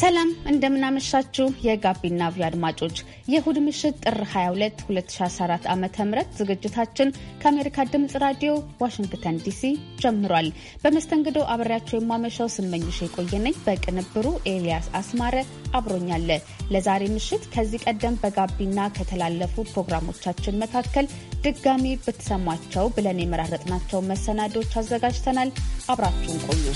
ሰላም እንደምናመሻችሁ የጋቢና ቪ አድማጮች የእሁድ ምሽት ጥር 22 2014 ዓ ም ዝግጅታችን ከአሜሪካ ድምፅ ራዲዮ ዋሽንግተን ዲሲ ጀምሯል። በመስተንግዶ አብሬያቸው የማመሻው ስመኝሽ የቆየነኝ፣ በቅንብሩ ኤልያስ አስማረ አብሮኛለ። ለዛሬ ምሽት ከዚህ ቀደም በጋቢና ከተላለፉ ፕሮግራሞቻችን መካከል ድጋሚ ብትሰሟቸው ብለን የመራረጥናቸው መሰናዶች አዘጋጅተናል። አብራችሁን ቆዩ።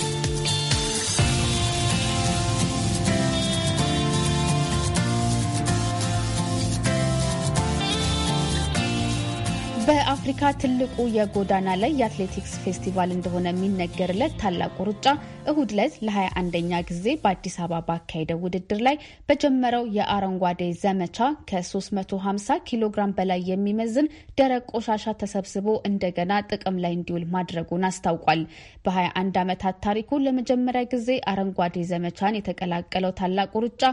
በአፍሪካ ትልቁ የጎዳና ላይ የአትሌቲክስ ፌስቲቫል እንደሆነ የሚነገርለት ታላቁ ሩጫ እሁድ ዕለት ለ21ኛ ጊዜ በአዲስ አበባ ባካሄደው ውድድር ላይ በጀመረው የአረንጓዴ ዘመቻ ከ350 ኪሎ ግራም በላይ የሚመዝን ደረቅ ቆሻሻ ተሰብስቦ እንደገና ጥቅም ላይ እንዲውል ማድረጉን አስታውቋል። በ21 ዓመታት ታሪኩ ለመጀመሪያ ጊዜ አረንጓዴ ዘመቻን የተቀላቀለው ታላቁ ሩጫ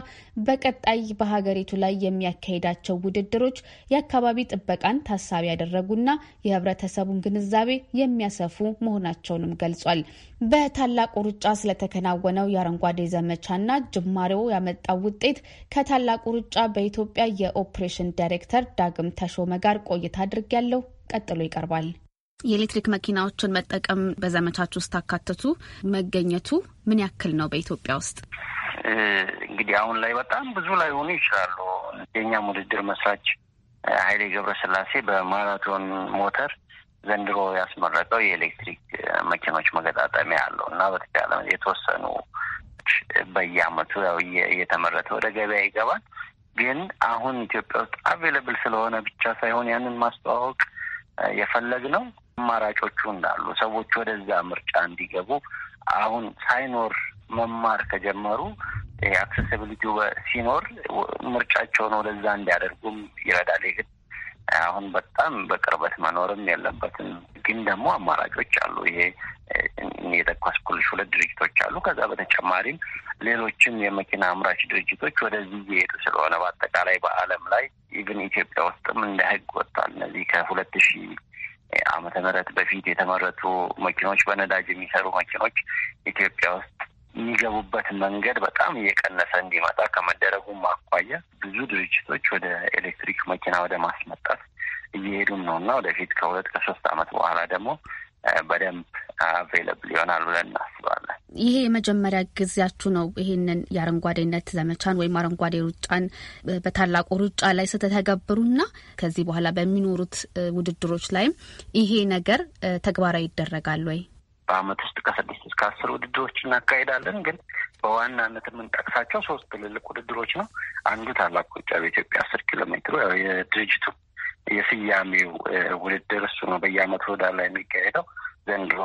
በቀጣይ በሀገሪቱ ላይ የሚያካሄዳቸው ውድድሮች የአካባቢ ጥበቃን ታሳቢ ያደረጉ የሚያሳድጉና የህብረተሰቡን ግንዛቤ የሚያሰፉ መሆናቸውንም ገልጿል። በታላቁ ሩጫ ስለተከናወነው የአረንጓዴ ዘመቻና ጅማሬው ያመጣው ውጤት ከታላቁ ሩጫ በኢትዮጵያ የኦፕሬሽን ዳይሬክተር ዳግም ተሾመ ጋር ቆይታ አድርጊያለሁ። ቀጥሎ ይቀርባል። የኤሌክትሪክ መኪናዎችን መጠቀም በዘመቻች ውስጥ አካተቱ መገኘቱ ምን ያክል ነው? በኢትዮጵያ ውስጥ እንግዲህ አሁን ላይ በጣም ብዙ ላይ ሆኑ ይችላሉ። የኛም ውድድር መስራች ኃይሌ ገብረስላሴ በማራቶን ሞተር ዘንድሮ ያስመረቀው የኤሌክትሪክ መኪኖች መገጣጠሚያ አለው እና በተቻለ የተወሰኑ በየአመቱ ያው እየተመረተ ወደ ገበያ ይገባል። ግን አሁን ኢትዮጵያ ውስጥ አቬለብል ስለሆነ ብቻ ሳይሆን ያንን ማስተዋወቅ የፈለግ ነው። አማራጮቹ እንዳሉ ሰዎች ወደዛ ምርጫ እንዲገቡ አሁን ሳይኖር መማር ከጀመሩ አክሴሲቢሊቲ ሲኖር ምርጫቸውን ወደዛ እንዲያደርጉም ይረዳል። ግን አሁን በጣም በቅርበት መኖርም የለበትም። ግን ደግሞ አማራጮች አሉ። ይሄ የጠቀስኩልሽ ሁለት ድርጅቶች አሉ። ከዛ በተጨማሪም ሌሎችም የመኪና አምራች ድርጅቶች ወደዚህ እየሄዱ ስለሆነ በአጠቃላይ በዓለም ላይ ኢቭን ኢትዮጵያ ውስጥም እንደ ህግ ወጥቷል። እነዚህ ከሁለት ሺህ ዓመተ ምህረት በፊት የተመረቱ መኪኖች በነዳጅ የሚሰሩ መኪኖች ኢትዮጵያ ውስጥ የሚገቡበት መንገድ በጣም እየቀነሰ እንዲመጣ ከመደረጉም አኳያ ብዙ ድርጅቶች ወደ ኤሌክትሪክ መኪና ወደ ማስመጣት እየሄዱም ነው እና ወደፊት ከሁለት ከሶስት ዓመት በኋላ ደግሞ በደንብ አቬለብል ይሆናል ብለን እናስባለን። ይሄ የመጀመሪያ ጊዜያችሁ ነው ይሄንን የአረንጓዴነት ዘመቻን ወይም አረንጓዴ ሩጫን በታላቁ ሩጫ ላይ ና ከዚህ በኋላ በሚኖሩት ውድድሮች ላይም ይሄ ነገር ተግባራዊ ይደረጋል ወይ? በአመት ውስጥ ከስድስት እስከ አስር ውድድሮች እናካሄዳለን። ግን በዋናነት የምንጠቅሳቸው ሶስት ትልልቅ ውድድሮች ነው። አንዱ ታላቅ ሩጫ በኢትዮጵያ አስር ኪሎ ሜትሩ ያው የድርጅቱ የስያሜው ውድድር እሱ ነው። በየአመቱ ሮዳን ላይ የሚካሄደው ዘንድሮ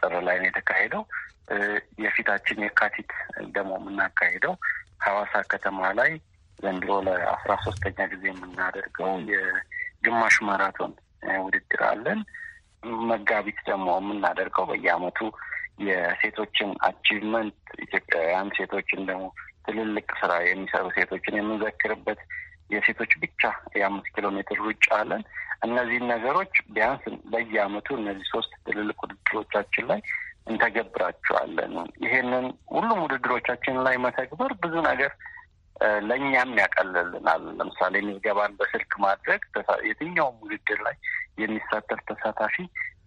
ጥር ላይ ነው የተካሄደው። የፊታችን የካቲት ደግሞ የምናካሄደው ሐዋሳ ከተማ ላይ ዘንድሮ ለአስራ ሶስተኛ ጊዜ የምናደርገው የግማሽ ማራቶን ውድድር አለን። መጋቢት ደግሞ የምናደርገው በየአመቱ የሴቶችን አቺቭመንት ኢትዮጵያውያን ሴቶችን ደግሞ ትልልቅ ስራ የሚሰሩ ሴቶችን የምንዘክርበት የሴቶች ብቻ የአምስት ኪሎ ሜትር ሩጫ አለን። እነዚህን ነገሮች ቢያንስ በየአመቱ እነዚህ ሶስት ትልልቅ ውድድሮቻችን ላይ እንተገብራቸዋለን። ይሄንን ሁሉም ውድድሮቻችን ላይ መተግበር ብዙ ነገር ለእኛም ያቀልልናል። ለምሳሌ ምዝገባን በስልክ ማድረግ የትኛውም ውድድር ላይ የሚሳተፍ ተሳታፊ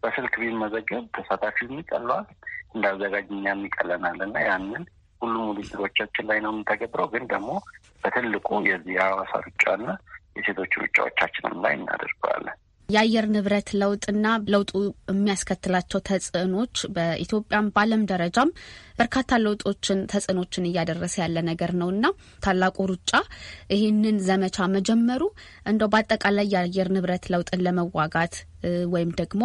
በስልክ ቢመዘገብ ተሳታፊ ይቀለዋል፣ እንዳዘጋጅ እኛም ይቀለናል እና ያንን ሁሉም ውድድሮቻችን ላይ ነው የምንተገብረው። ግን ደግሞ በትልቁ የዚህ የሐዋሳ ሩጫና የሴቶች ሩጫዎቻችንም ላይ እናደርገዋለን። የአየር ንብረት ለውጥና ለውጡ የሚያስከትላቸው ተጽዕኖች በኢትዮጵያም በዓለም ደረጃም በርካታ ለውጦችን ተጽዕኖችን እያደረሰ ያለ ነገር ነው እና ታላቁ ሩጫ ይህንን ዘመቻ መጀመሩ እንደው በአጠቃላይ የአየር ንብረት ለውጥን ለመዋጋት ወይም ደግሞ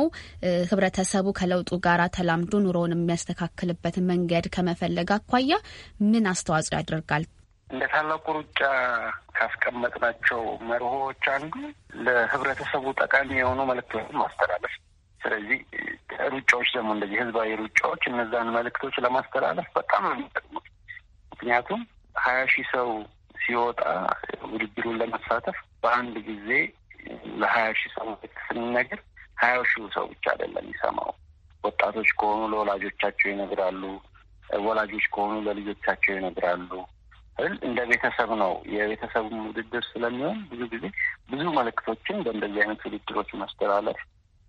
ህብረተሰቡ ከለውጡ ጋር ተላምዶ ኑሮውን የሚያስተካክልበት መንገድ ከመፈለግ አኳያ ምን አስተዋጽኦ ያደርጋል? እንደ ታላቁ ሩጫ ካስቀመጥናቸው መርሆዎች አንዱ ለህብረተሰቡ ጠቃሚ የሆኑ መልክቶችን ማስተላለፍ። ስለዚህ ሩጫዎች ደግሞ እንደዚህ ህዝባዊ ሩጫዎች እነዛን መልክቶች ለማስተላለፍ በጣም ነው የሚጠቅሙት። ምክንያቱም ሀያ ሺህ ሰው ሲወጣ ውድድሩን ለመሳተፍ በአንድ ጊዜ ለሀያ ሺህ ሰው መልክት ስንነግር ሀያ ሺው ሰው ብቻ አይደለም የሚሰማው። ወጣቶች ከሆኑ ለወላጆቻቸው ይነግራሉ። ወላጆች ከሆኑ ለልጆቻቸው ይነግራሉ። እንደ ቤተሰብ ነው። የቤተሰብ ውድድር ስለሚሆን ብዙ ጊዜ ብዙ መልእክቶችን በእንደዚህ አይነት ውድድሮች ማስተላለፍ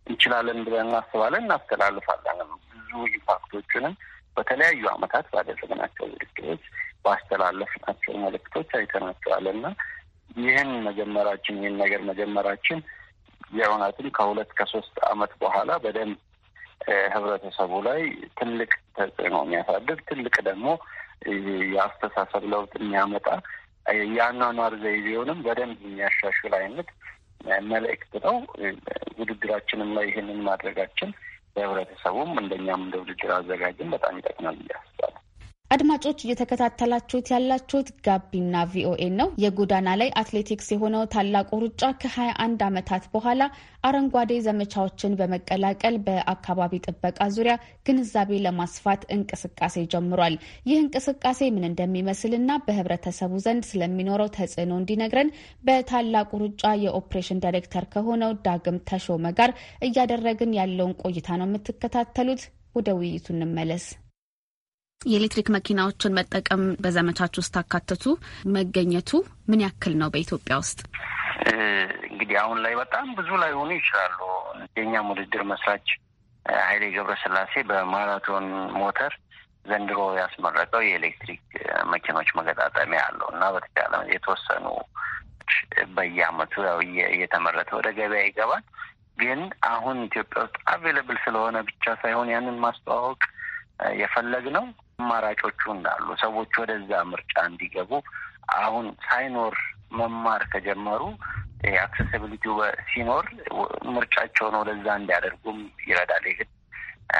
እንችላለን ብለን እናስባለን፣ እናስተላልፋለንም ብዙ ኢምፓክቶችንም በተለያዩ አመታት ባደረግናቸው ውድድሮች ባስተላለፍናቸው መልእክቶች አይተናቸዋል እና ይህን መጀመራችን ይህን ነገር መጀመራችን የእውነትም ከሁለት ከሶስት አመት በኋላ በደንብ ህብረተሰቡ ላይ ትልቅ ተጽዕኖ የሚያሳድር ትልቅ ደግሞ የአስተሳሰብ ለውጥ የሚያመጣ የአኗኗር ዘይቤውንም በደንብ የሚያሻሽል አይነት መልእክት ነው። ውድድራችንም ላይ ይህንን ማድረጋችን ለህብረተሰቡም እንደኛም እንደ ውድድር አዘጋጅም በጣም ይጠቅማል ብዬ አስባለሁ። አድማጮች እየተከታተላችሁት ያላችሁት ጋቢና ቪኦኤ ነው። የጎዳና ላይ አትሌቲክስ የሆነው ታላቁ ሩጫ ከ21 ዓመታት በኋላ አረንጓዴ ዘመቻዎችን በመቀላቀል በአካባቢ ጥበቃ ዙሪያ ግንዛቤ ለማስፋት እንቅስቃሴ ጀምሯል። ይህ እንቅስቃሴ ምን እንደሚመስልና በህብረተሰቡ ዘንድ ስለሚኖረው ተጽዕኖ እንዲነግረን በታላቁ ሩጫ የኦፕሬሽን ዳይሬክተር ከሆነው ዳግም ተሾመ ጋር እያደረግን ያለውን ቆይታ ነው የምትከታተሉት። ወደ ውይይቱ እንመለስ። የኤሌክትሪክ መኪናዎችን መጠቀም በዘመቻች ውስጥ ታካተቱ መገኘቱ ምን ያክል ነው በኢትዮጵያ ውስጥ? እንግዲህ አሁን ላይ በጣም ብዙ ላይ ሆኑ ይችላሉ። የኛም ውድድር መስራች ኃይሌ ገብረስላሴ በማራቶን ሞተር ዘንድሮ ያስመረቀው የኤሌክትሪክ መኪኖች መገጣጠሚያ አለው እና በተቻለ የተወሰኑ በየአመቱ ያው እየተመረተ ወደ ገበያ ይገባል። ግን አሁን ኢትዮጵያ ውስጥ አቬለብል ስለሆነ ብቻ ሳይሆን ያንን ማስተዋወቅ የፈለግ ነው አማራጮቹ እንዳሉ ሰዎች ወደዛ ምርጫ እንዲገቡ አሁን ሳይኖር መማር ከጀመሩ አክሴሲቢሊቲው ሲኖር ምርጫቸውን ወደዛ እንዲያደርጉም ይረዳል። ይህ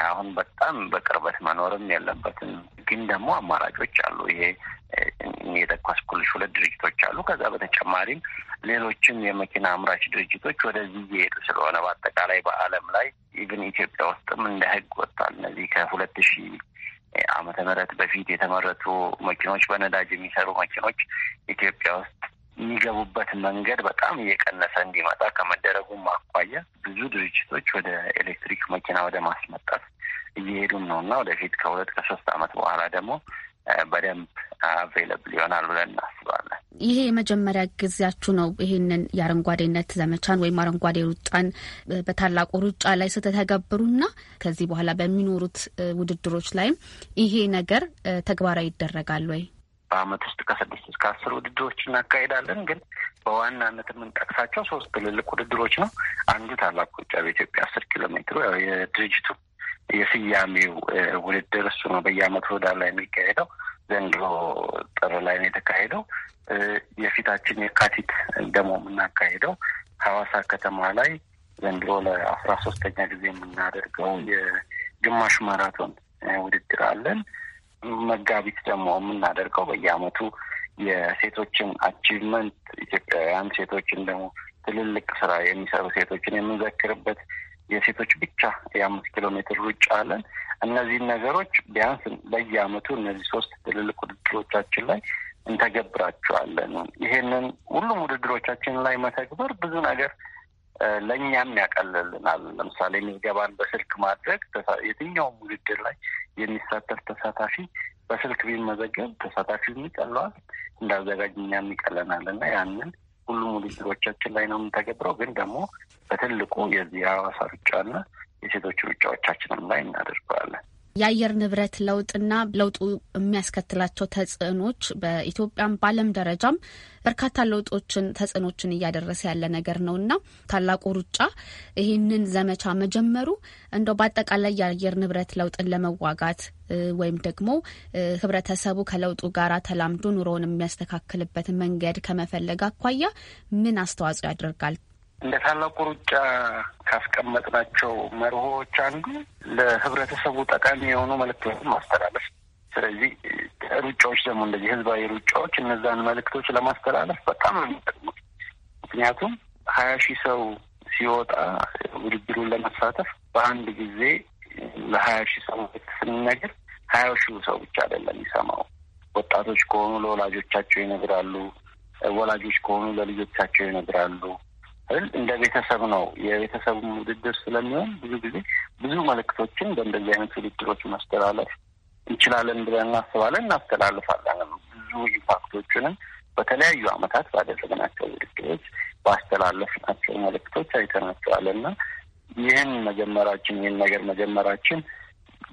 አሁን በጣም በቅርበት መኖርም የለበትም። ግን ደግሞ አማራጮች አሉ። ይሄ የጠቀስኩልሽ ሁለት ድርጅቶች አሉ። ከዛ በተጨማሪም ሌሎችም የመኪና አምራች ድርጅቶች ወደዚህ እየሄዱ ስለሆነ በአጠቃላይ በዓለም ላይ ኢቭን ኢትዮጵያ ውስጥም እንደ ህግ ወጥቷል። እነዚህ ከሁለት ሺህ ዓመተ ምህረት በፊት የተመረቱ መኪኖች በነዳጅ የሚሰሩ መኪኖች ኢትዮጵያ ውስጥ የሚገቡበት መንገድ በጣም እየቀነሰ እንዲመጣ ከመደረጉም አኳያ ብዙ ድርጅቶች ወደ ኤሌክትሪክ መኪና ወደ ማስመጣት እየሄዱም ነው እና ወደፊት ከሁለት ከሶስት ዓመት በኋላ ደግሞ በደንብ አቬለብል ይሆናል ብለን እናስባለን። ይሄ የመጀመሪያ ጊዜያችሁ ነው ይሄንን የአረንጓዴነት ዘመቻን ወይም አረንጓዴ ሩጫን በታላቁ ሩጫ ላይ ስተተገብሩና ከዚህ በኋላ በሚኖሩት ውድድሮች ላይም ይሄ ነገር ተግባራዊ ይደረጋል ወይ? በአመት ውስጥ ከስድስት እስከ አስር ውድድሮች እናካሄዳለን። ግን በዋናነት የምንጠቅሳቸው ሶስት ትልልቅ ውድድሮች ነው። አንዱ ታላቁ ሩጫ በኢትዮጵያ አስር ኪሎ ሜትሩ የድርጅቱ የስያሜው ውድድር እሱ ነው። በየአመቱ ህዳር ላይ የሚካሄደው ዘንድሮ ጥር ላይ ነው የተካሄደው። የፊታችን የካቲት ደግሞ የምናካሄደው ሀዋሳ ከተማ ላይ ዘንድሮ ለአስራ ሶስተኛ ጊዜ የምናደርገው የግማሽ ማራቶን ውድድር አለን። መጋቢት ደግሞ የምናደርገው በየአመቱ የሴቶችን አቺቭመንት ኢትዮጵያውያን ሴቶችን ደግሞ ትልልቅ ስራ የሚሰሩ ሴቶችን የምንዘክርበት የሴቶች ብቻ የአምስት ኪሎ ሜትር ሩጫ አለን። እነዚህን ነገሮች ቢያንስ በየአመቱ እነዚህ ሶስት ትልልቅ ውድድሮቻችን ላይ እንተገብራቸዋለን። ይሄንን ሁሉም ውድድሮቻችን ላይ መተግበር ብዙ ነገር ለእኛም ያቀልልናል። ለምሳሌ ምዝገባን በስልክ ማድረግ የትኛውም ውድድር ላይ የሚሳተፍ ተሳታፊ በስልክ ቢመዘገብ ተሳታፊው ይቀለዋል፣ እንዳዘጋጅ እኛም ይቀለናል እና ያንን ሁሉም ውድድሮቻችን ላይ ነው የምንተገብረው ግን ደግሞ በትልቁ የዚህ የሐዋሳ ሩጫና የሴቶች ሩጫዎቻችንም ላይ እናደርገዋለን። የአየር ንብረት ለውጥና ለውጡ የሚያስከትላቸው ተጽዕኖች በኢትዮጵያም በዓለም ደረጃም በርካታ ለውጦችን ተጽዕኖችን እያደረሰ ያለ ነገር ነው እና ታላቁ ሩጫ ይህንን ዘመቻ መጀመሩ እንደው በአጠቃላይ የአየር ንብረት ለውጥን ለመዋጋት ወይም ደግሞ ህብረተሰቡ ከለውጡ ጋር ተላምዶ ኑሮውን የሚያስተካክልበት መንገድ ከመፈለግ አኳያ ምን አስተዋጽኦ ያደርጋል? እንደ ታላቁ ሩጫ ካስቀመጥናቸው መርሆዎች አንዱ ለህብረተሰቡ ጠቃሚ የሆኑ መልክቶችን ማስተላለፍ። ስለዚህ ሩጫዎች ደግሞ እንደዚህ ህዝባዊ ሩጫዎች እነዛን መልክቶች ለማስተላለፍ በጣም ነው የሚጠቅሙት። ምክንያቱም ሀያ ሺህ ሰው ሲወጣ ውድድሩን ለመሳተፍ በአንድ ጊዜ ለሀያ ሺህ ሰው ስንነግር ሀያ ሺህ ሰው ብቻ አይደለም የሚሰማው። ወጣቶች ከሆኑ ለወላጆቻቸው ይነግራሉ። ወላጆች ከሆኑ ለልጆቻቸው ይነግራሉ። እንደ ቤተሰብ ነው። የቤተሰብ ውድድር ስለሚሆን ብዙ ጊዜ ብዙ መልእክቶችን በእንደዚህ አይነት ውድድሮች ማስተላለፍ እንችላለን ብለን እናስባለን፣ እናስተላልፋለን ብዙ ኢምፓክቶችንም በተለያዩ አመታት ባደረግናቸው ውድድሮች ባስተላለፍናቸው መልእክቶች አይተናቸዋል እና ይህን መጀመራችን ይህን ነገር መጀመራችን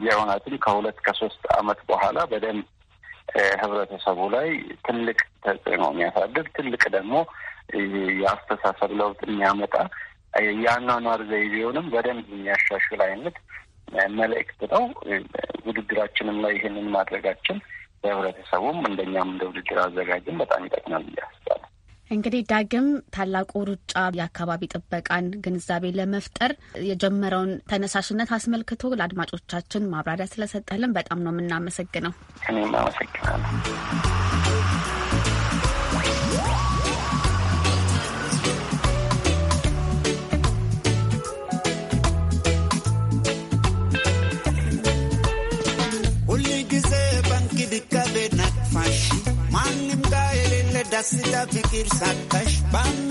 የእውነትም ከሁለት ከሶስት አመት በኋላ በደንብ ህብረተሰቡ ላይ ትልቅ ተጽዕኖ የሚያሳድር ትልቅ ደግሞ የአስተሳሰብ ለውጥ የሚያመጣ የአኗኗር ዘይቤውንም በደንብ የሚያሻሽል አይነት መልእክት ነው። ውድድራችንም ላይ ይህንን ማድረጋችን ለህብረተሰቡም እንደኛም እንደ ውድድር አዘጋጅም በጣም ይጠቅማል ብዬ አስባለሁ። እንግዲህ ዳግም ታላቁ ሩጫ የአካባቢ ጥበቃን ግንዛቤ ለመፍጠር የጀመረውን ተነሳሽነት አስመልክቶ ለአድማጮቻችን ማብራሪያ ስለሰጠልን በጣም ነው የምናመሰግነው። እኔም አመሰግናለሁ። Bye.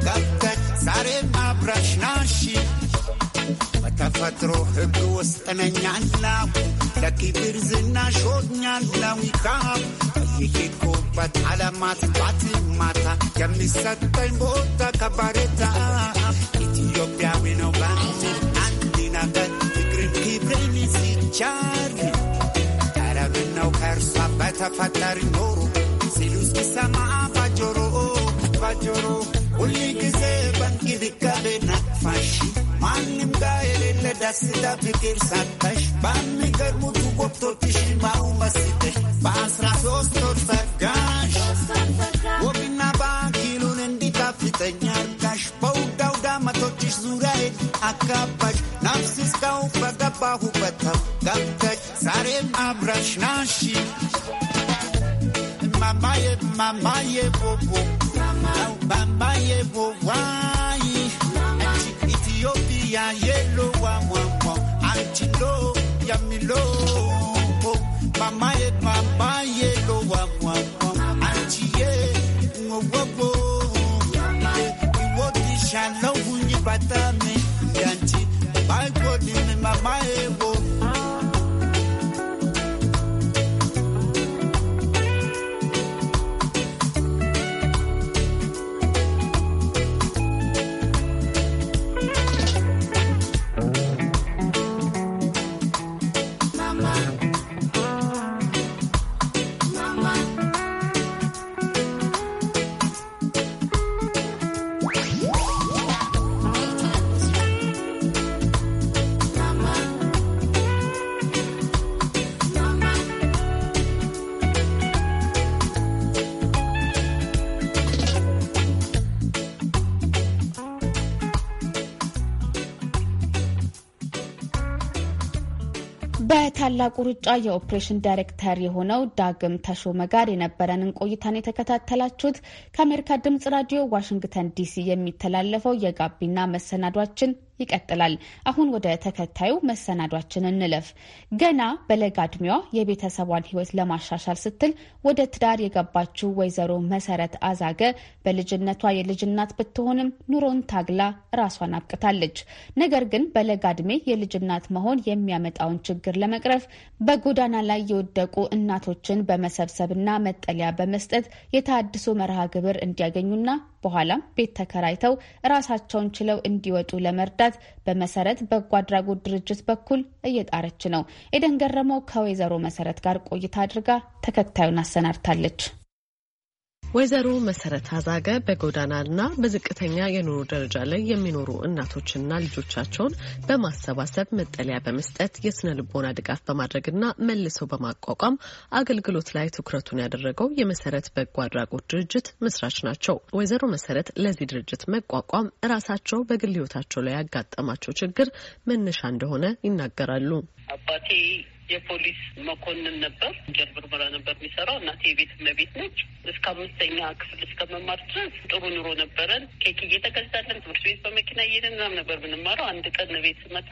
ተፈጥሮ ህግ ወስጠነኛላሁ ለክብር ዝናሽ ሆኛለሁ ካብ ይሄድኩበት ዓለማት ጧት ማታ የሚሰጠኝ ቦታ ከባሬታ ኢትዮጵያዊ ነው ባንድ አንድ ነገር ፍቅርን ክብርን ሲቻር ቀረብን ነው ከእርሷ በተፈጠር ኖሩ ሲሉ ሲሰማ ባጆሮ ባጆሮ ሁል ጊዜ በእንክብካቤ ናፋሽ ማንም ጋ የሌለ ዳስታ ፍቅር ሳታሽ በሚገርሙት ወቅቶችሽ ማው መስጠሽ በአስራ ሶስት ወር ጸጋሽ ወግና ባኪሉን እንዲጣፍጠኝ አልካሽ በውድ አውዳመቶችሽ ዙሪያ ሄድ አካባሽ ነፍስ እስካሁን በገባሁበት ገብተሽ ዛሬም አብረሽ ናሽ mamaye mamaye bobo mamaye bobo ya yelo wa mwa mwa, anti lo ya milo mama ye papa yelo wa mwa mwa, mwamwa antiye ngowogo iwo ti shalom ni batami yanti balko ni mama ye ታላቁ ሩጫ የኦፕሬሽን ዳይሬክተር የሆነው ዳግም ተሾመ ጋር የነበረንን ቆይታን የተከታተላችሁት። ከአሜሪካ ድምጽ ራዲዮ ዋሽንግተን ዲሲ የሚተላለፈው የጋቢና መሰናዷችን ይቀጥላል። አሁን ወደ ተከታዩ መሰናዷችን እንለፍ። ገና በለጋ እድሜዋ የቤተሰቧን ህይወት ለማሻሻል ስትል ወደ ትዳር የገባችው ወይዘሮ መሰረት አዛገ በልጅነቷ የልጅ እናት ብትሆንም ኑሮን ታግላ ራሷን አብቅታለች። ነገር ግን በለጋ እድሜ የልጅ እናት መሆን የሚያመጣውን ችግር ለመቅረፍ በጎዳና ላይ የወደቁ እናቶችን በመሰብሰብና መጠለያ በመስጠት የታድሶ መርሃ ግብር እንዲያገኙና በኋላም ቤት ተከራይተው ራሳቸውን ችለው እንዲወጡ ለመርዳት በመሰረት በጎ አድራጎት ድርጅት በኩል እየጣረች ነው። ኤደን ገረመው ከወይዘሮ መሰረት ጋር ቆይታ አድርጋ ተከታዩን አሰናድታለች። ወይዘሮ መሰረት አዛገ በጎዳናና በዝቅተኛ የኑሮ ደረጃ ላይ የሚኖሩ እናቶችና ልጆቻቸውን በማሰባሰብ መጠለያ በመስጠት የስነ ልቦና ድጋፍ በማድረግና መልሰው በማቋቋም አገልግሎት ላይ ትኩረቱን ያደረገው የመሰረት በጎ አድራጎት ድርጅት መስራች ናቸው። ወይዘሮ መሰረት ለዚህ ድርጅት መቋቋም እራሳቸው በግል ህይወታቸው ላይ ያጋጠማቸው ችግር መነሻ እንደሆነ ይናገራሉ። አባቴ የፖሊስ መኮንን ነበር። ወንጀል ምርመራ ነበር የሚሰራው። እናቴ የቤት እመቤት ነች። እስከ አምስተኛ ክፍል እስከ መማር ድረስ ጥሩ ኑሮ ነበረን። ኬክ እየተገዛለን፣ ትምህርት ቤት በመኪና እየሄድን ምናምን ነበር ምንማረው። አንድ ቀን ቤት ስመጣ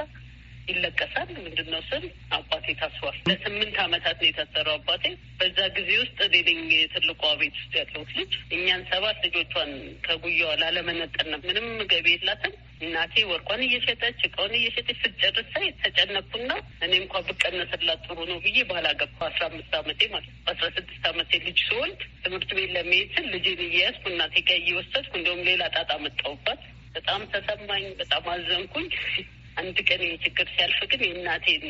ይለቀሳል። ምንድን ነው ስል አባቴ ታስሯል። ለስምንት አመታት ነው የታሰረው አባቴ። በዛ ጊዜ ውስጥ ሌሊኝ ትልቋ ቤት ውስጥ ያለሁት ልጅ እኛን ሰባት ልጆቿን ከጉያዋ ላለመነጠል ነው። ምንም ገቢ የላትም። እናቴ ወርቋን እየሸጠች እቃውን እየሸጠች ስትጨርሳ የተጨነኩና ተጨነኩና እኔ እንኳ ብቀነስላት ጥሩ ነው ብዬ ባላገባ አስራ አምስት አመቴ ማለት አስራ ስድስት አመቴ ልጅ ስወልድ ትምህርት ቤት ለመሄድ ስል ልጄን እየያዝኩ እናቴ ጋር እየወሰድኩ ሌላ ጣጣ መጣሁባት። በጣም ተሰማኝ። በጣም አዘንኩኝ። አንድ ቀን ችግር ሲያልፍ ግን የእናቴን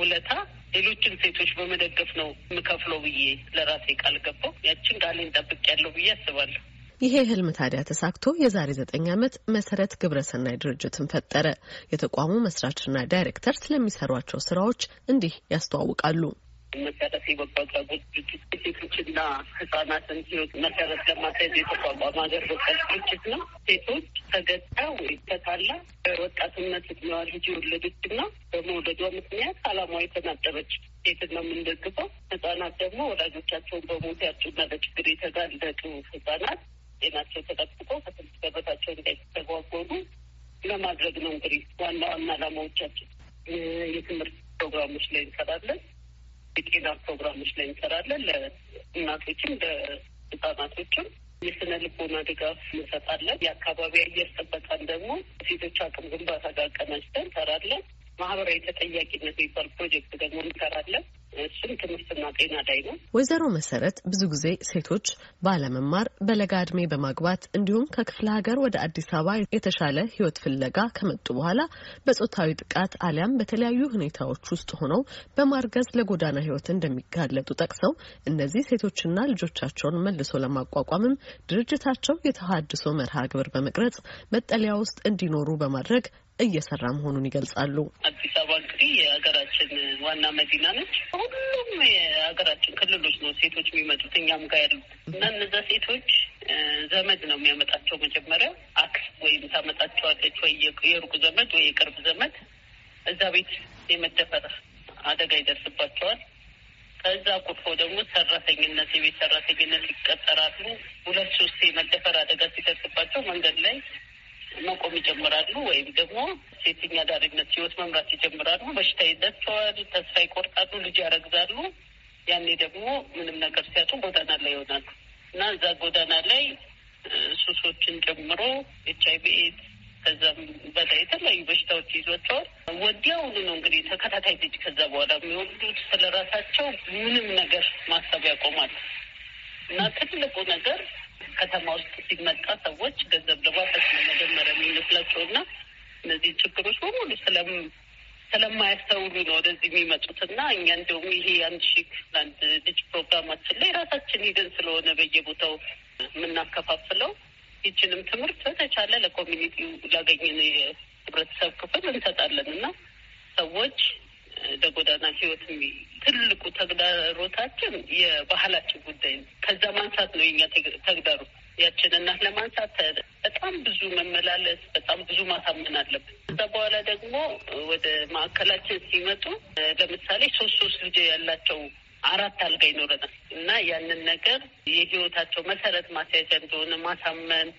ውለታ ሌሎችን ሴቶች በመደገፍ ነው የምከፍለው ብዬ ለራሴ ቃል ገባው። ያችን ቃሌን ያለው ብዬ አስባለሁ። ይሄ ህልም ታዲያ ተሳክቶ የዛሬ ዘጠኝ ዓመት መሰረት ግብረሰናይ ድርጅትን ፈጠረ። የተቋሙ መስራችና ዳይሬክተር ስለሚሰሯቸው ስራዎች እንዲህ ያስተዋውቃሉ። መሰረት የበበቀቡት ሴቶችና ህጻናትን ህይወት መሰረት ለማስያዝ የተቋቋመ ሀገር በቀል ድርጅት ነው። ሴቶች ተገዳ ወይ በወጣትነት እድሜዋ ልጅ የወለደችና በመውለዷ ምክንያት አላማ የተናጠበች ሴትን ነው የምንደግፈው። ህጻናት ደግሞ ወላጆቻቸውን በሞት ያጡና ለችግር የተጋለጡ ህጻናት ጤናቸው ተጠብቆ ከትምህርት ገበታቸው እንዳይተጓጎሉ ለማድረግ ነው እንግዲህ ዋና ዋና አላማዎቻችን የትምህርት ፕሮግራሞች ላይ እንሰራለን። የጤና ፕሮግራሞች ላይ እንሰራለን። ለእናቶችም ለህጻናቶችም የስነ ልቦና ድጋፍ እንሰጣለን። የአካባቢ አየር ጥበቃን ደግሞ ሴቶች አቅም ግንባታ ጋር ቀናጅተን እንሰራለን። ማህበራዊ ተጠያቂነት የሚባል ፕሮጀክት ደግሞ እንሰራለን። እሱም ትምህርትና ጤና ላይ ነው። ወይዘሮ መሰረት ብዙ ጊዜ ሴቶች ባለመማር በለጋ እድሜ በማግባት እንዲሁም ከክፍለ ሀገር ወደ አዲስ አበባ የተሻለ ህይወት ፍለጋ ከመጡ በኋላ በጾታዊ ጥቃት አሊያም በተለያዩ ሁኔታዎች ውስጥ ሆነው በማርገዝ ለጎዳና ህይወት እንደሚጋለጡ ጠቅሰው እነዚህ ሴቶችና ልጆቻቸውን መልሶ ለማቋቋምም ድርጅታቸው የተሃድሶ መርሃ ግብር በመቅረጽ መጠለያ ውስጥ እንዲኖሩ በማድረግ እየሰራ መሆኑን ይገልጻሉ። አዲስ አበባ እንግዲህ የሀገራችን ዋና መዲና ነች። ሁሉም የሀገራችን ክልሎች ነው ሴቶች የሚመጡት እኛም ጋር ያሉ እና እነዛ ሴቶች ዘመድ ነው የሚያመጣቸው። መጀመሪያ አክስ ወይም ታመጣቸዋለች ወይ የሩቅ ዘመድ ወይ የቅርብ ዘመድ እዛ ቤት የመደፈር አደጋ ይደርስባቸዋል። ከዛ ቁልፎ ደግሞ ሰራተኝነት የቤት ሰራተኝነት ይቀጠራሉ። ሁለት ሶስት የመደፈር አደጋ ሲደርስባቸው መንገድ ላይ መቆም ይጀምራሉ፣ ወይም ደግሞ ሴተኛ አዳሪነት ህይወት መምራት ይጀምራሉ። በሽታ ይዛቸዋል፣ ተስፋ ይቆርጣሉ፣ ልጅ ያረግዛሉ። ያኔ ደግሞ ምንም ነገር ሲያጡ ጎዳና ላይ ይሆናሉ እና እዛ ጎዳና ላይ ሱሶችን ጨምሮ ኤች አይቪ ኤድስ ከዛም በላይ የተለያዩ በሽታዎች ይዟቸዋል። ወዲያውኑ ነው እንግዲህ ተከታታይ ልጅ ከዛ በኋላ የሚወልዱት ስለራሳቸው ምንም ነገር ማሰብ ያቆማል እና ትልቁ ነገር ከተማ ውስጥ ሲመጣ ሰዎች ገንዘብ ለማፈስ ነው መጀመሪያ የሚመስላቸው እና እነዚህ ችግሮች በሙሉ ስለም ስለማያስተውሉ ነው ወደዚህ የሚመጡት እና እኛ እንዲሁም ይሄ አንድ ሺ አንድ ልጅ ፕሮግራማችን ላይ ራሳችን ሂደን ስለሆነ በየቦታው የምናከፋፍለው ይችንም ትምህርት በተቻለ ለኮሚኒቲው ላገኘን የህብረተሰብ ክፍል እንሰጣለን እና ሰዎች ለጎዳና ህይወት ትልቁ ተግዳሮታችን የባህላችን ጉዳይ ነው። ከዛ ማንሳት ነው የኛ ተግዳሮ ያችን እናት ለማንሳት በጣም ብዙ መመላለስ፣ በጣም ብዙ ማሳመን አለብን። ከዛ በኋላ ደግሞ ወደ ማዕከላችን ሲመጡ ለምሳሌ ሶስት ሶስት ልጅ ያላቸው አራት አልጋ ይኖረናል እና ያንን ነገር የህይወታቸው መሰረት ማስያዣ እንደሆነ ማሳመን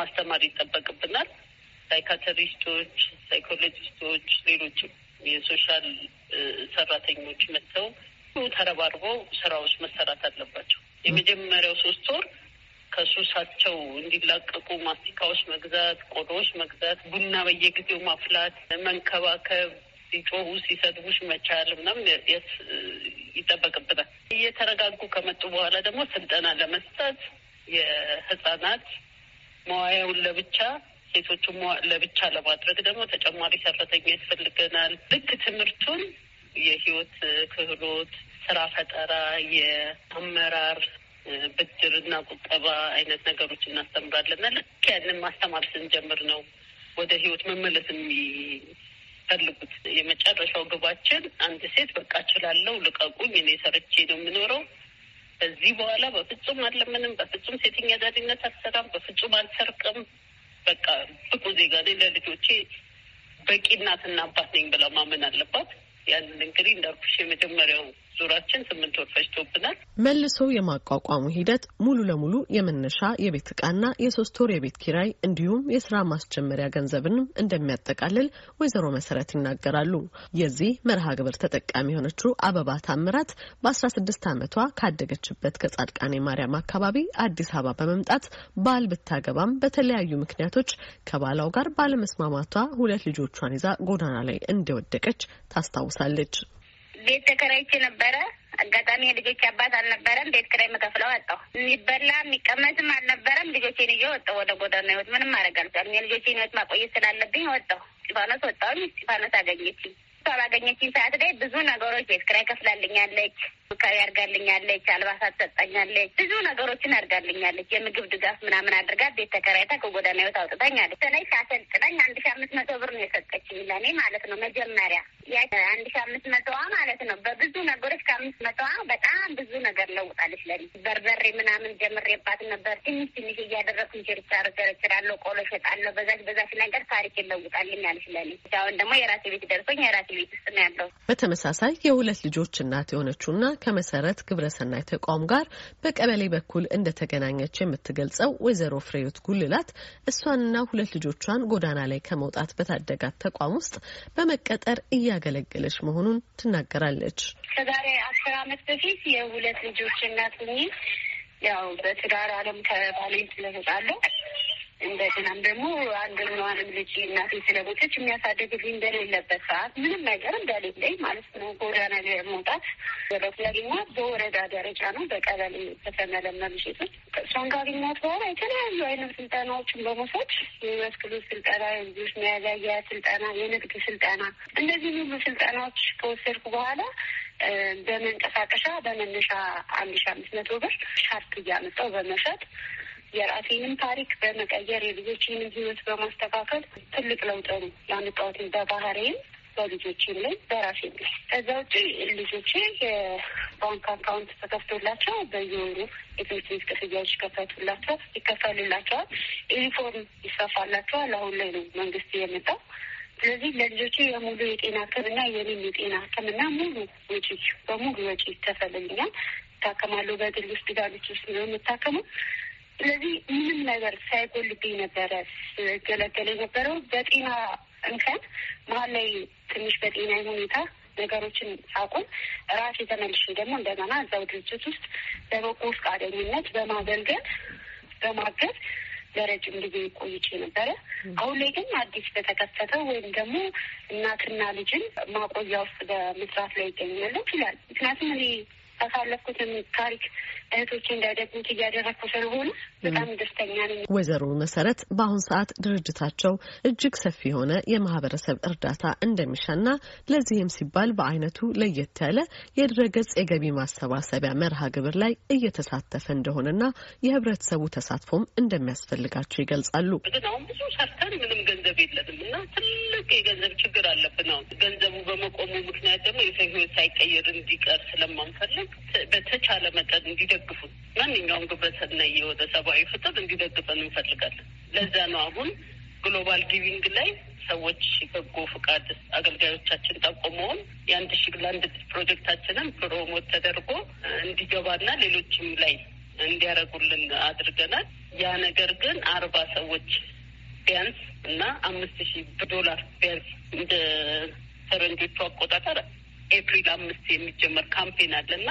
ማስተማር ይጠበቅብናል። ሳይካትሪስቶች፣ ሳይኮሎጂስቶች፣ ሌሎችም የሶሻል ሰራተኞች መጥተው ተረባርበው ስራዎች መሰራት አለባቸው። የመጀመሪያው ሶስት ወር ከሱሳቸው እንዲላቀቁ ማስቲካዎች መግዛት፣ ቆዶዎች መግዛት፣ ቡና በየጊዜው ማፍላት፣ መንከባከብ፣ ሲጮሁ ሲሰድቡሽ መቻል ምናምን ይጠበቅብናል። እየተረጋጉ ከመጡ በኋላ ደግሞ ስልጠና ለመስጠት የህጻናት መዋያውን ለብቻ ሴቶቹ ለብቻ ለማድረግ ደግሞ ተጨማሪ ሰራተኛ ያስፈልገናል። ልክ ትምህርቱን የህይወት ክህሎት፣ ስራ ፈጠራ፣ የአመራር እና ቁጠባ አይነት ነገሮች እናስተምራለንና ልክ ያንን ማስተማር ስንጀምር ነው ወደ ህይወት መመለስ የሚፈልጉት። የመጨረሻው ግባችን አንድ ሴት በቃ እችላለሁ፣ ልቀቁኝ፣ እኔ ሰርቼ ነው የምኖረው፣ ከዚህ በኋላ በፍጹም አለምንም በፍጹም ሴተኛ አዳሪነት አልሰራም፣ በፍጹም አልሰርቅም፣ በቃ ብቁ ዜጋ ነኝ ለልጆቼ በቂ እናትና አባት ነኝ ብላ ማመን አለባት። ያንን እንግዲህ እንዳልኩሽ የመጀመሪያው ዙራችን ስምንት ወር ፈጅቶብናል። መልሶ የማቋቋሙ ሂደት ሙሉ ለሙሉ የመነሻ የቤት እቃና የሶስት ወር የቤት ኪራይ እንዲሁም የስራ ማስጀመሪያ ገንዘብንም እንደሚያጠቃልል ወይዘሮ መሰረት ይናገራሉ። የዚህ መርሃ ግብር ተጠቃሚ የሆነችው አበባ ታምራት በአስራ ስድስት ዓመቷ ካደገችበት ከጻድቃኔ ማርያም አካባቢ አዲስ አበባ በመምጣት ባል ብታገባም በተለያዩ ምክንያቶች ከባላው ጋር ባለመስማማቷ ሁለት ልጆቿን ይዛ ጎዳና ላይ እንደወደቀች ታስታውሳለች። ቤት ተከራይቼ ነበረ። አጋጣሚ የልጆች አባት አልነበረም። ቤት ኪራይ መከፍለው ወጣሁ። የሚበላ የሚቀመስም አልነበረም። ልጆቼን ይዤ ወጣሁ ወደ ጎዳና ህይወት። ምንም ማድረግ አልቻልኩም። የልጆቼን ህይወት ማቆየት ስላለብኝ ወጣሁ። እስጢፋኖስ ወጣሁኝ። እስጢፋኖስ አገኘችኝ። እሷ ባገኘችኝ ሰዓት ላይ ብዙ ነገሮች ቤት ኪራይ ከፍላልኛለች እንክብካቤ አድርጋልኛለች፣ አልባሳት ሰጣኛለች፣ ብዙ ነገሮችን አድርጋልኛለች። የምግብ ድጋፍ ምናምን አድርጋ ቤት ተከራይታ ከጎዳና ህይወት አውጥታኛለች። ተለይ ሳሰልጥለኝ አንድ ሺ አምስት መቶ ብር ነው የሰጠችኝ ለእኔ ማለት ነው። መጀመሪያ ያ አንድ ሺ አምስት መቶዋ ማለት ነው በብዙ ነገሮች ከአምስት መቶዋ በጣም ብዙ ነገር ለውጣለች ለኔ። በርበሬ ምናምን ጀምሬባት ነበር። ትንሽ ትንሽ እያደረግኩ ችርቻ ርገረችራለሁ፣ ቆሎ ሸጣለሁ። በዛች በዛች ነገር ታሪክ ለውጣልኝ አለች ለኔ። አሁን ደግሞ የራሴ ቤት ደርሶኝ የራሴ ቤት ውስጥ ነው ያለው። በተመሳሳይ የሁለት ልጆች እናት የሆነችውና ከመሰረት ግብረሰናይ ተቋም ጋር በቀበሌ በኩል እንደተገናኘች የምትገልጸው ወይዘሮ ፍሬዮት ጉልላት እሷንና ሁለት ልጆቿን ጎዳና ላይ ከመውጣት በታደጋት ተቋም ውስጥ በመቀጠር እያገለገለች መሆኑን ትናገራለች። ከዛሬ አስር ዓመት በፊት የሁለት ልጆች እናት ያው በትዳር አለም ከባሌ ስለተጣለሁ እንደገናም ደግሞ አንደኛዋንም ልጅ እናቴ ስለሞተች የሚያሳደግልኝ በሌለበት ሰዓት ምንም ነገር እንደሌለኝ ማለት ነው ጎዳና ላይ መውጣት በበኩላግኛ በወረዳ ደረጃ ነው በቀበሌ ከተመለመ ምሽት እሷን ካገኘኋት በኋላ የተለያዩ አይነት ስልጠናዎችን በመውሰድ የመስክሉ ስልጠና፣ የልጆች መያዣያ ስልጠና፣ የንግድ ስልጠና እንደዚህ ሁሉ ስልጠናዎች ከወሰድኩ በኋላ በመንቀሳቀሻ በመነሻ አንድ ሺ አምስት መቶ ብር ሻርፕ እያመጣው በመሸጥ የራሴንም ታሪክ በመቀየር የልጆችንም ህይወት በማስተካከል ትልቅ ለውጥ ነው ያመጣሁት በባህሬም በልጆችም ላይ በራሴም ላይ። ከዛ ውጭ ልጆቼ የባንክ አካውንት ተከፍቶላቸው በየወሩ የትምህርት ቤት ክፍያዎች ይከፈቱላቸው ይከፈልላቸዋል። ዩኒፎርም ይሰፋላቸዋል። አሁን ላይ ነው መንግስት የመጣው። ስለዚህ ለልጆቼ የሙሉ የጤና ሕክምና የኔም የጤና ሕክምና ሙሉ ወጪ በሙሉ ወጪ ይከፈልልኛል። ይታከማሉ። በግል ሆስፒታሎች ውስጥ ነው የምታከመው። ስለዚህ ምንም ነገር ሳይጎልብኝ ነበረ ገለገለ የነበረው በጤና እንከን መሀል ላይ ትንሽ በጤና ሁኔታ ነገሮችን ሳቆም ራሴ ተመልሼ ደግሞ እንደገና እዛው ድርጅት ውስጥ በበጎ ፈቃደኝነት በማገልገል በማገዝ ለረጅም ጊዜ ቆይቼ ነበረ። አሁን ላይ ግን አዲስ በተከሰተው ወይም ደግሞ እናትና ልጅን ማቆያ ውስጥ በመስራት ላይ ይገኛሉ ይላል። ምክንያቱም እኔ ያሳለፍኩትን ታሪክ እህቶች እንዳይደግሙት እያደረግኩ ስለሆነ በጣም ደስተኛ ነኝ። ወይዘሮ መሰረት በአሁን ሰዓት ድርጅታቸው እጅግ ሰፊ የሆነ የማህበረሰብ እርዳታ እንደሚሻና ለዚህም ሲባል በአይነቱ ለየት ያለ የድረገጽ የገቢ ማሰባሰቢያ መርሃ ግብር ላይ እየተሳተፈ እንደሆነና የህብረተሰቡ ተሳትፎም እንደሚያስፈልጋቸው ይገልጻሉ። ብዙ ሰርተን ምንም ገንዘብ የለንም እና ትልቅ የገንዘብ ችግር አለብን። ገንዘቡ በመቆሙ ምክንያት ደግሞ የሰው ህይወት ሳይቀየር እንዲቀር ስለማንፈልግ በተቻለ መጠን እንዲደግፉን ማንኛውም ግብረሰብና የወደ ሰብአዊ ፍጥር እንዲደግፈን እንፈልጋለን። ለዛ ነው አሁን ግሎባል ጊቪንግ ላይ ሰዎች በጎ ፍቃድ አገልጋዮቻችን ጠቆመውን የአንድ ሺ ለአንድ ፕሮጀክታችንን ፕሮሞት ተደርጎ እንዲገባና ሌሎችም ላይ እንዲያደርጉልን አድርገናል። ያ ነገር ግን አርባ ሰዎች ቢያንስ እና አምስት ሺህ ዶላር ቢያንስ እንደ ፈረንጆቹ አቆጣጠር ኤፕሪል አምስት የሚጀመር ካምፔን አለ እና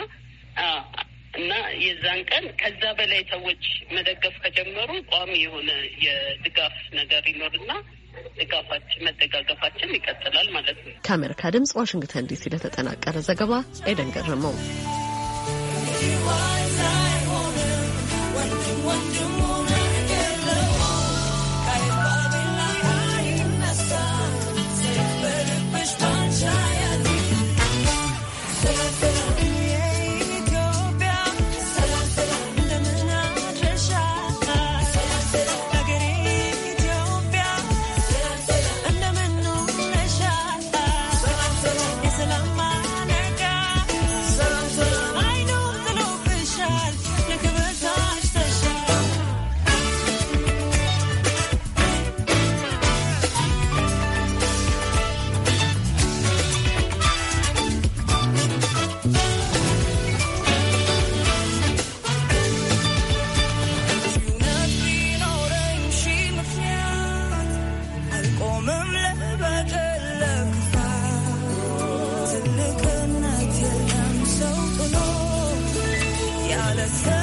እና የዛን ቀን ከዛ በላይ ሰዎች መደገፍ ከጀመሩ ቋሚ የሆነ የድጋፍ ነገር ይኖርና ድጋፋችን መደጋገፋችን ይቀጥላል ማለት ነው። ከአሜሪካ ድምጽ ዋሽንግተን ዲሲ ለተጠናቀረ ዘገባ ኤደን ገረመው። sun.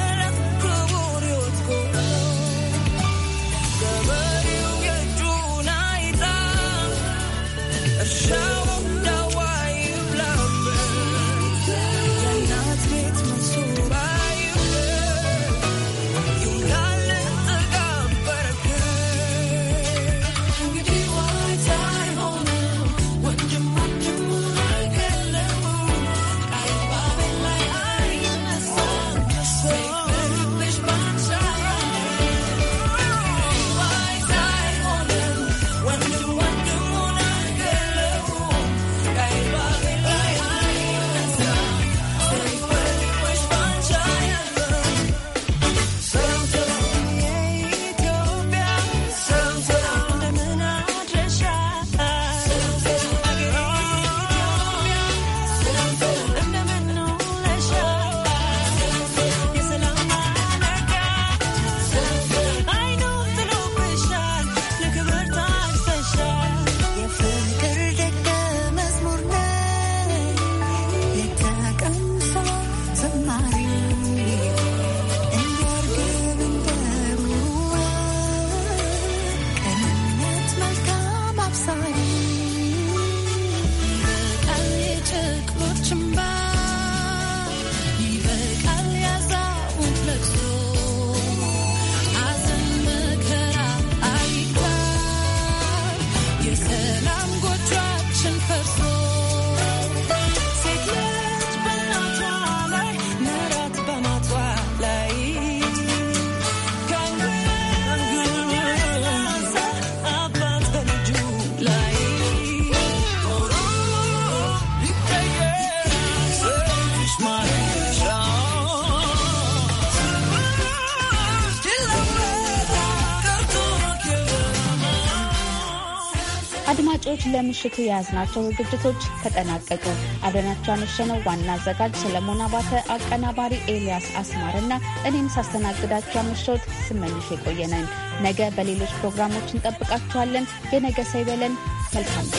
አድማጮች ለምሽቱ የያዝናቸው ዝግጅቶች ተጠናቀቁ። አደናቸው ያመሸነው ዋና አዘጋጅ ሰለሞን አባተ፣ አቀናባሪ ኤልያስ አስማርና እኔም ሳስተናግዳቸው ያመሸሁት ስመኝሽ የቆየነን። ነገ በሌሎች ፕሮግራሞች እንጠብቃችኋለን። የነገ ሰይበለን መልካም